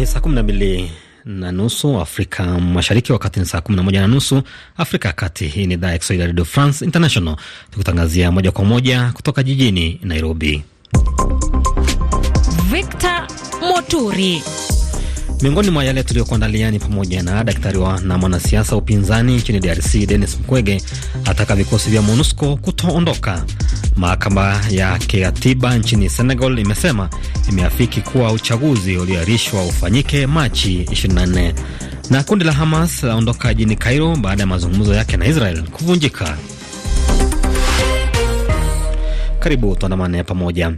Ni saa kumi na mbili na nusu Afrika Mashariki, wakati ni saa kumi na moja na nusu Afrika ya Kati. Hii ni idhaa ya Kiswahili ya Radio France International, tukutangazia moja kwa moja kutoka jijini Nairobi. Victor Moturi. Miongoni mwa yale tuliyokuandalia ni pamoja na daktari wa na mwanasiasa upinzani nchini DRC Denis mkwege ataka vikosi vya MONUSCO kutoondoka Mahakama ya kikatiba nchini Senegal imesema imeafiki kuwa uchaguzi ulioahirishwa ufanyike Machi 24. Na kundi la Hamas laondoka jini Cairo baada ya mazungumzo yake na Israel kuvunjika. Karibu tuandamane pamoja.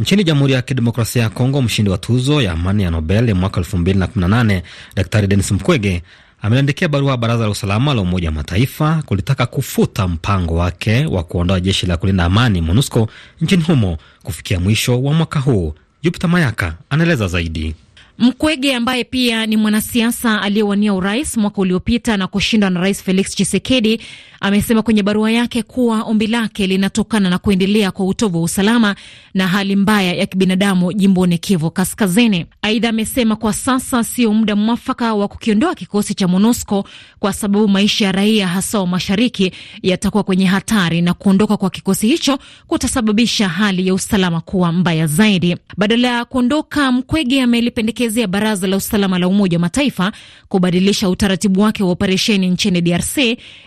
Nchini Jamhuri ya Kidemokrasia ya Kongo, mshindi wa tuzo ya amani ya Nobel ya mwaka 2018 Daktari Denis Mukwege ameandikia barua baraza la usalama la Umoja wa Mataifa kulitaka kufuta mpango wake wa kuondoa jeshi la kulinda amani MONUSCO nchini humo kufikia mwisho wa mwaka huu. Jupita Mayaka anaeleza zaidi. Mkwege ambaye pia ni mwanasiasa aliyewania urais mwaka uliopita na kushindwa na Rais Felix chisekedi amesema kwenye barua yake kuwa ombi lake linatokana na kuendelea kwa utovu wa usalama na hali mbaya ya kibinadamu jimboni Kivu Kaskazini. Aidha, amesema kwa sasa sio muda mwafaka wa kukiondoa kikosi cha MONUSCO kwa sababu maisha ya raia hasa wa mashariki yatakuwa kwenye hatari na kuondoka kwa kikosi hicho kutasababisha hali ya usalama kuwa mbaya zaidi. Badala ya kuondoka, Mkwege amelipendekezea Baraza la Usalama la Umoja wa Mataifa kubadilisha utaratibu wake wa operesheni nchini DRC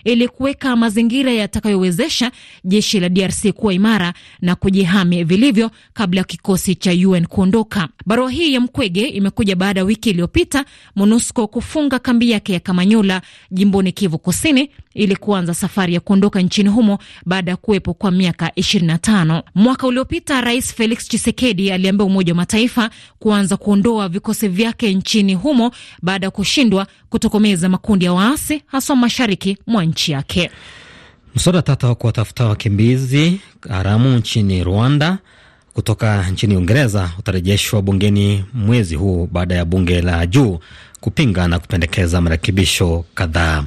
ili kuweka kuweka mazingira yatakayowezesha jeshi la DRC kuwa imara na kujihami vilivyo kabla ya kikosi cha UN kuondoka. Barua hii ya Mkwege imekuja baada ya wiki iliyopita MONUSCO kufunga kambi yake ya Kamanyola jimboni Kivu Kusini ili kuanza safari ya kuondoka nchini humo baada ya kuwepo kwa miaka 25. Mwaka uliopita Rais Felix Tshisekedi aliambia Umoja wa Mataifa kuanza kuondoa vikosi vyake nchini humo baada ya kushindwa kutokomeza makundi ya waasi haswa mashariki mwa nchi yake. Mswada tata wa kuwatafuta wakimbizi haramu nchini Rwanda kutoka nchini Uingereza utarejeshwa bungeni mwezi huu baada ya bunge la juu kupinga na kupendekeza marekebisho kadhaa.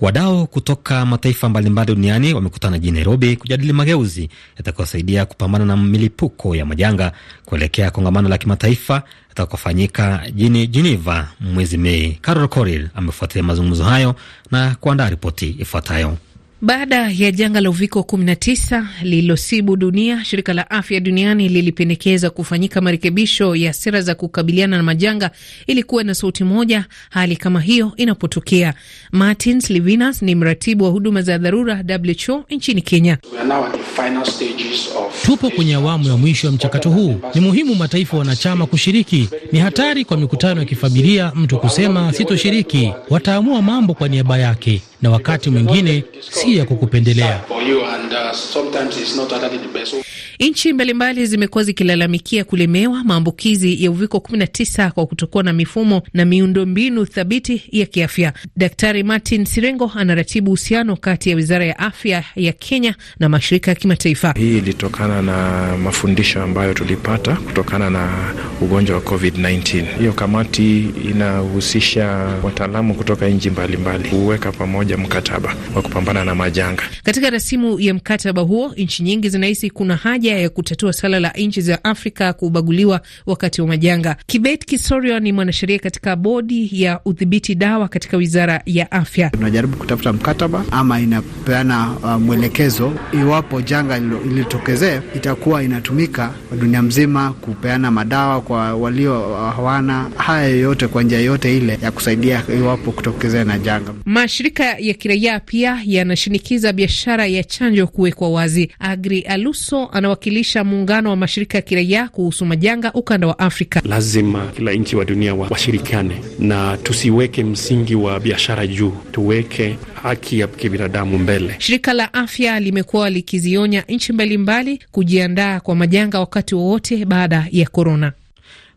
Wadau kutoka mataifa mbalimbali duniani wamekutana jijini Nairobi kujadili mageuzi yatakayosaidia kupambana na milipuko ya majanga kuelekea kongamano la kimataifa yatakofanyika jini Geneva mwezi Mei. Carol Coril amefuatilia mazungumzo hayo na kuandaa ripoti ifuatayo. Baada ya janga la uviko 19 lililosibu dunia, shirika la afya duniani lilipendekeza kufanyika marekebisho ya sera za kukabiliana na majanga ili kuwa na sauti moja hali kama hiyo inapotokea. Martins Livinas ni mratibu wa huduma za dharura WHO nchini Kenya. Tupo kwenye awamu ya mwisho ya mchakato huu. Ni muhimu mataifa wanachama kushiriki. Ni hatari kwa mikutano ya kifamilia mtu kusema sitoshiriki, wataamua mambo kwa niaba yake na wakati mwingine si ya kukupendelea. Nchi mbalimbali zimekuwa zikilalamikia kulemewa maambukizi ya uviko 19 kwa kutokuwa na mifumo na miundombinu thabiti ya kiafya. Daktari Martin Sirengo anaratibu uhusiano kati ya wizara ya afya ya Kenya na mashirika ya kimataifa. Hii ilitokana na mafundisho ambayo tulipata kutokana na ugonjwa wa COVID-19. Hiyo kamati inahusisha wataalamu kutoka nchi mbalimbali kuweka pamoja pamoja mkataba wa kupambana na majanga. Katika rasimu ya mkataba huo, nchi nyingi zinahisi kuna haja ya kutatua suala la nchi za Afrika kubaguliwa wakati wa majanga. Kibet Kisorio ni mwanasheria katika bodi ya udhibiti dawa katika wizara ya afya. Tunajaribu kutafuta mkataba ama inapeana uh, mwelekezo iwapo janga ilitokezee itakuwa inatumika dunia mzima kupeana madawa kwa walio uh, hawana haya yoyote, kwa njia yoyote ile ya kusaidia iwapo kutokezea na janga. Mashirika ya kiraia pia yanashinikiza biashara ya chanjo kuwekwa wazi. Agri Aluso anawakilisha muungano wa mashirika ya kiraia kuhusu majanga ukanda wa Afrika. Lazima kila nchi wa dunia washirikane wa na tusiweke msingi wa biashara juu, tuweke haki ya kibinadamu mbele. Shirika la afya limekuwa likizionya nchi mbalimbali kujiandaa kwa majanga wakati wowote baada ya korona.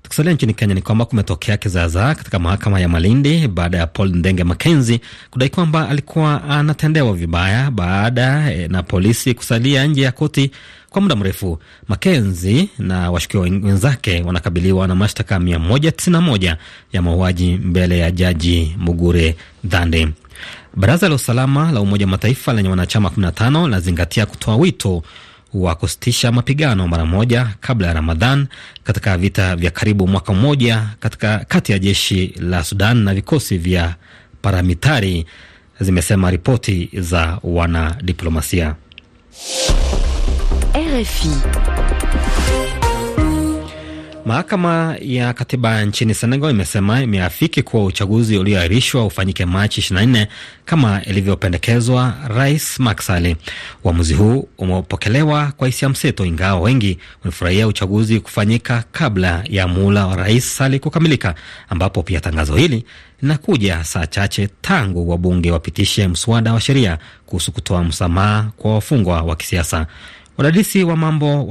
Tukisalia nchini Kenya, ni kwamba kumetokea kizaza katika mahakama ya Malindi baada ya Paul Ndenge Makenzi kudai kwamba alikuwa anatendewa vibaya baada e, na polisi kusalia nje ya koti kwa muda mrefu. Makenzi na washukiwa wenzake wanakabiliwa na mashtaka 191 ya mauaji mbele ya jaji Mugure Dhande. Baraza la usalama la Umoja wa Mataifa lenye wanachama 15 linazingatia kutoa wito wa kusitisha mapigano mara moja kabla ya Ramadhan katika vita vya karibu mwaka mmoja katika kati ya jeshi la Sudan na vikosi vya paramitari zimesema ripoti za wanadiplomasia RFI. Mahakama ya katiba nchini Senegal imesema imeafiki kuwa uchaguzi ulioahirishwa ufanyike Machi 24 kama ilivyopendekezwa Rais Macky Sall. Uamuzi huu umepokelewa kwa hisia mseto, ingawa wengi wamefurahia uchaguzi kufanyika kabla ya muhula wa Rais Sall kukamilika, ambapo pia tangazo hili linakuja saa chache tangu wabunge wapitishe mswada wa sheria kuhusu kutoa msamaha kwa wafungwa wa kisiasa. Wadadisi wa mambo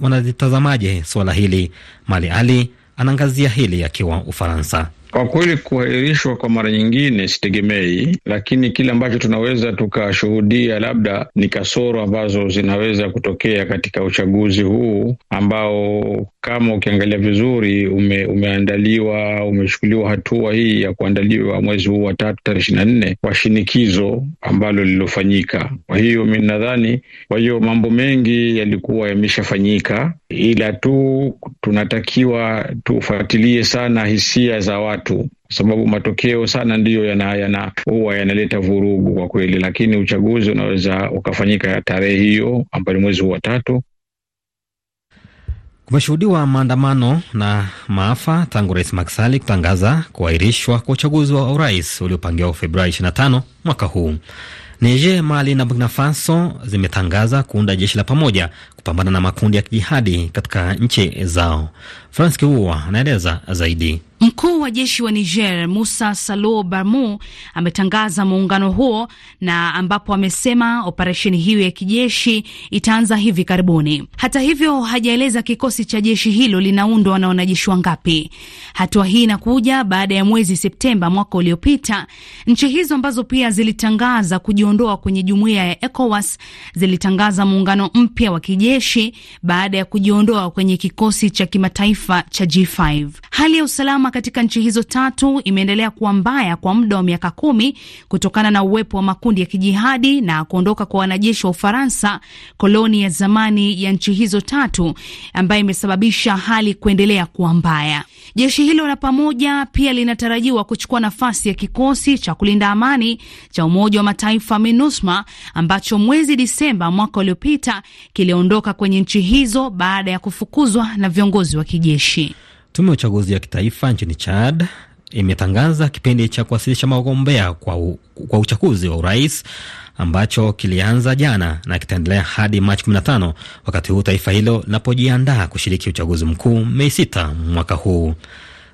wanalitazamaje suala hili? Mali Ali anaangazia hili akiwa Ufaransa. Kwa kweli kuahirishwa kwa mara nyingine sitegemei, lakini kile ambacho tunaweza tukashuhudia labda ni kasoro ambazo zinaweza kutokea katika uchaguzi huu ambao kama ukiangalia vizuri ume, umeandaliwa umechukuliwa hatua hii ya kuandaliwa mwezi huu wa tatu tarehe ishirini na nne kwa shinikizo ambalo lilofanyika. Kwa hiyo mi nadhani, kwa hiyo mambo mengi yalikuwa yameshafanyika, ila tu tunatakiwa tufuatilie sana hisia za watu watu, kwa sababu matokeo sana ndiyo yana yana huwa yanaleta vurugu kwa kweli, lakini uchaguzi unaweza ukafanyika tarehe hiyo ambayo ni mwezi huu wa tatu. Kumeshuhudiwa maandamano na maafa tangu Rais Maksali kutangaza kuahirishwa kwa uchaguzi wa urais uliopangiwa Februari 25 mwaka huu. Niger, Mali na Burkina Faso zimetangaza kuunda jeshi la pamoja kupambana na makundi ya kijihadi katika nchi zao. Franc Kiua anaeleza zaidi. Mkuu wa jeshi wa Niger Musa Salo Barmu ametangaza muungano huo na ambapo amesema operesheni hiyo ya kijeshi itaanza hivi karibuni. Hata hivyo, hajaeleza kikosi cha jeshi hilo linaundwa na wanajeshi wangapi. Hatua hii inakuja baada ya mwezi Septemba mwaka uliopita, nchi hizo ambazo pia zilitangaza kujiondoa kwenye jumuiya ya ECOWAS zilitangaza muungano mpya wa kijeshi kijeshi baada ya kujiondoa kwenye kikosi cha kimataifa cha G5. Hali ya usalama katika nchi hizo tatu imeendelea kuwa mbaya kwa muda wa miaka kumi kutokana na uwepo wa makundi ya kijihadi na kuondoka kwa wanajeshi wa Ufaransa, koloni ya zamani ya nchi hizo tatu, ambayo imesababisha hali kuendelea kuwa mbaya. Jeshi hilo la pamoja pia linatarajiwa kuchukua nafasi ya kikosi cha kulinda amani cha Umoja wa Mataifa MINUSMA ambacho mwezi Disemba mwaka uliopita kiliondoka kutoka kwenye nchi hizo baada ya kufukuzwa na viongozi wa kijeshi. Tume ya uchaguzi ya kitaifa nchini Chad imetangaza kipindi cha kuwasilisha magombea kwa, u, kwa uchaguzi wa urais ambacho kilianza jana na kitaendelea hadi Machi 15 wakati huu taifa hilo linapojiandaa kushiriki uchaguzi mkuu Mei 6 mwaka huu.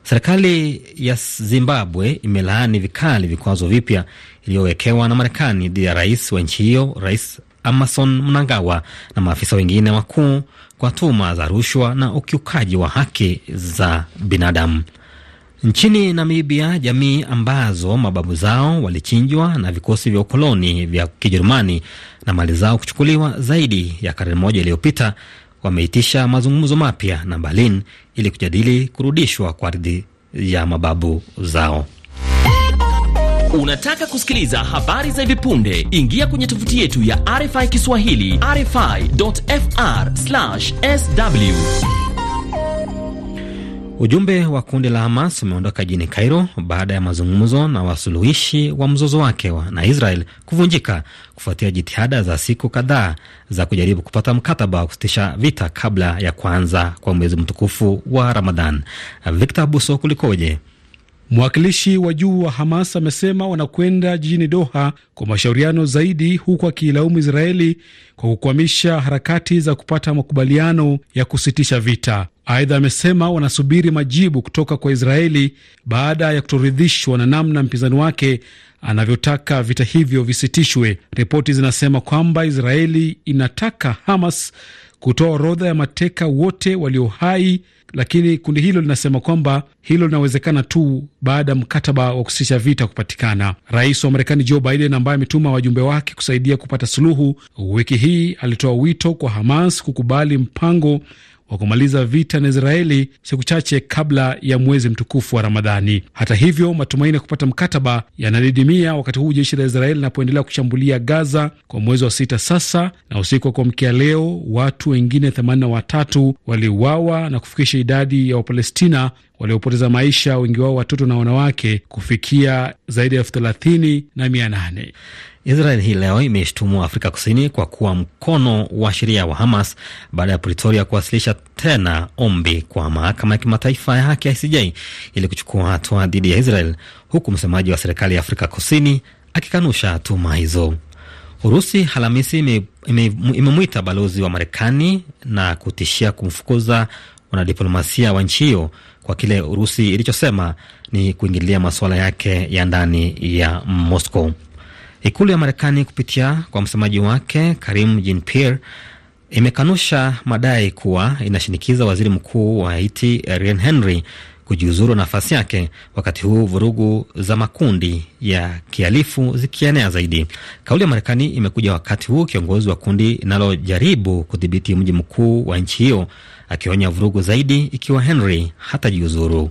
Serikali ya Zimbabwe imelaani vikali vikwazo vipya iliyowekewa na Marekani dhidi ya rais wa nchi hiyo, Rais Amason Mnangawa na maafisa wengine wakuu kwa tuhuma za rushwa na ukiukaji wa haki za binadamu. Nchini Namibia, jamii ambazo mababu zao walichinjwa na vikosi vya ukoloni vya Kijerumani na mali zao kuchukuliwa zaidi ya karne moja iliyopita wameitisha mazungumzo mapya na Berlin ili kujadili kurudishwa kwa ardhi ya mababu zao. Unataka kusikiliza habari za hivi punde? Ingia kwenye tovuti yetu ya RFI Kiswahili, rfi.fr/sw. Ujumbe wa kundi la Hamas umeondoka jini Cairo baada ya mazungumzo na wasuluhishi wa mzozo wake wa na Israel kuvunjika kufuatia jitihada za siku kadhaa za kujaribu kupata mkataba wa kusitisha vita kabla ya kuanza kwa mwezi mtukufu wa Ramadhan. Victor Buso, kulikoje? Mwakilishi wa juu wa Hamas amesema wanakwenda jijini Doha kwa mashauriano zaidi, huku akiilaumu Israeli kwa kukwamisha harakati za kupata makubaliano ya kusitisha vita. Aidha, amesema wanasubiri majibu kutoka kwa Israeli baada ya kutoridhishwa na namna mpinzani wake anavyotaka vita hivyo visitishwe. Ripoti zinasema kwamba Israeli inataka Hamas kutoa orodha ya mateka wote walio hai, lakini kundi hilo linasema kwamba hilo linawezekana tu baada ya mkataba wa kusitisha vita kupatikana. Rais wa Marekani Joe Biden, ambaye ametuma wajumbe wake kusaidia kupata suluhu, wiki hii alitoa wito kwa Hamas kukubali mpango wa kumaliza vita na Israeli siku chache kabla ya mwezi mtukufu wa Ramadhani. Hata hivyo, matumaini ya kupata mkataba yanadidimia wakati huu jeshi la Israeli linapoendelea kushambulia Gaza kwa mwezi wa sita sasa, na usiku wa kuamkia leo watu wengine 83 waliuawa na kufikisha idadi ya Wapalestina waliopoteza maisha, wengi wao watoto na wanawake, kufikia zaidi ya elfu thelathini na mia nane. Israel hii leo imeshtumu Afrika Kusini kwa kuwa mkono wa sheria wa Hamas baada ya Pretoria kuwasilisha tena ombi kwa mahakama ya kimataifa ya haki ICJ ili kuchukua hatua dhidi ya Israel, huku msemaji wa serikali ya Afrika Kusini akikanusha tuma hizo. Urusi Alhamisi imemwita ime, ime balozi wa Marekani na kutishia kumfukuza wanadiplomasia wa nchi hiyo kwa kile Urusi ilichosema ni kuingilia masuala yake ya ndani ya Moscow. Ikulu ya Marekani kupitia kwa msemaji wake Karim Jean-Pierre imekanusha madai kuwa inashinikiza waziri mkuu wa Haiti Ariel Henry kujiuzuru nafasi yake, wakati huu vurugu za makundi ya kihalifu zikienea zaidi. Kauli ya Marekani imekuja wakati huu kiongozi wa kundi linalojaribu kudhibiti mji mkuu wa nchi hiyo akionya vurugu zaidi ikiwa Henry hatajiuzuru.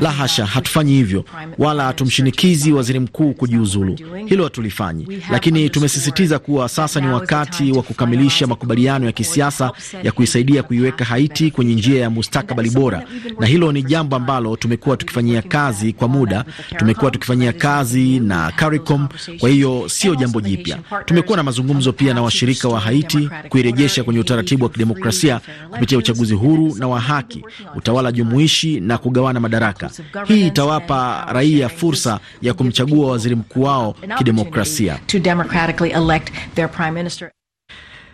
La hasha, hatufanyi hivyo, wala hatumshinikizi waziri mkuu kujiuzulu. Hilo hatulifanyi, lakini tumesisitiza kuwa sasa ni wakati wa kukamilisha makubaliano ya kisiasa ya kuisaidia kuiweka Haiti kwenye njia ya mustakabali bora, na hilo ni jambo ambalo tumekuwa tukifanyia kazi kwa muda. Tumekuwa tukifanyia kazi na CARICOM, kwa hiyo sio jambo jipya. Tumekuwa na mazungumzo pia na washirika wa Haiti kuirejesha kwenye utaratibu wa kidemokrasia kupitia uchaguzi huru na wa haki, utawala jumuia jumuishi na kugawana madaraka. Hii itawapa raia fursa ya kumchagua waziri mkuu wao kidemokrasia.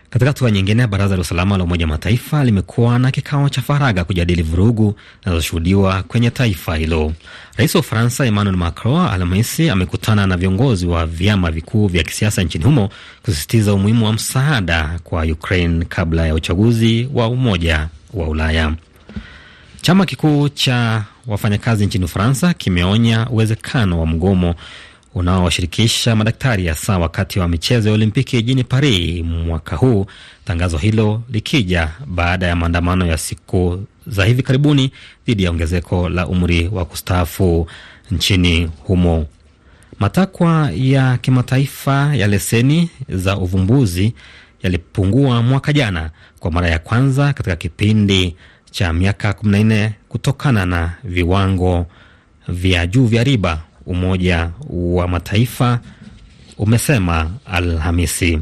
Katika hatua nyingine, baraza la usalama la Umoja Mataifa limekuwa na kikao cha faragha kujadili vurugu zinazoshuhudiwa kwenye taifa hilo. Rais wa Ufaransa Emmanuel Macron Alhamisi amekutana na viongozi wa vyama vikuu vya kisiasa nchini humo kusisitiza umuhimu wa msaada kwa Ukraine kabla ya uchaguzi wa Umoja wa Ulaya. Chama kikuu cha wafanyakazi nchini Ufaransa kimeonya uwezekano wa mgomo unaowashirikisha madaktari hasa wakati wa michezo ya Olimpiki jijini Paris mwaka huu, tangazo hilo likija baada ya maandamano ya siku za hivi karibuni dhidi ya ongezeko la umri wa kustaafu nchini humo. Matakwa ya kimataifa ya leseni za uvumbuzi yalipungua mwaka jana kwa mara ya kwanza katika kipindi cha miaka 14 kutokana na viwango vya juu vya riba, Umoja wa Mataifa umesema Alhamisi.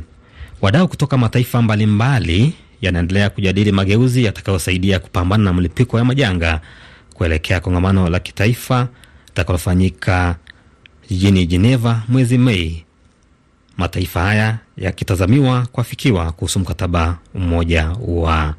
Wadau kutoka mataifa mbalimbali yanaendelea kujadili mageuzi yatakayosaidia kupambana na mlipuko ya majanga kuelekea kongamano la kitaifa litakalofanyika jijini Geneva mwezi Mei, mataifa haya yakitazamiwa kuafikiwa kuhusu mkataba mmoja wa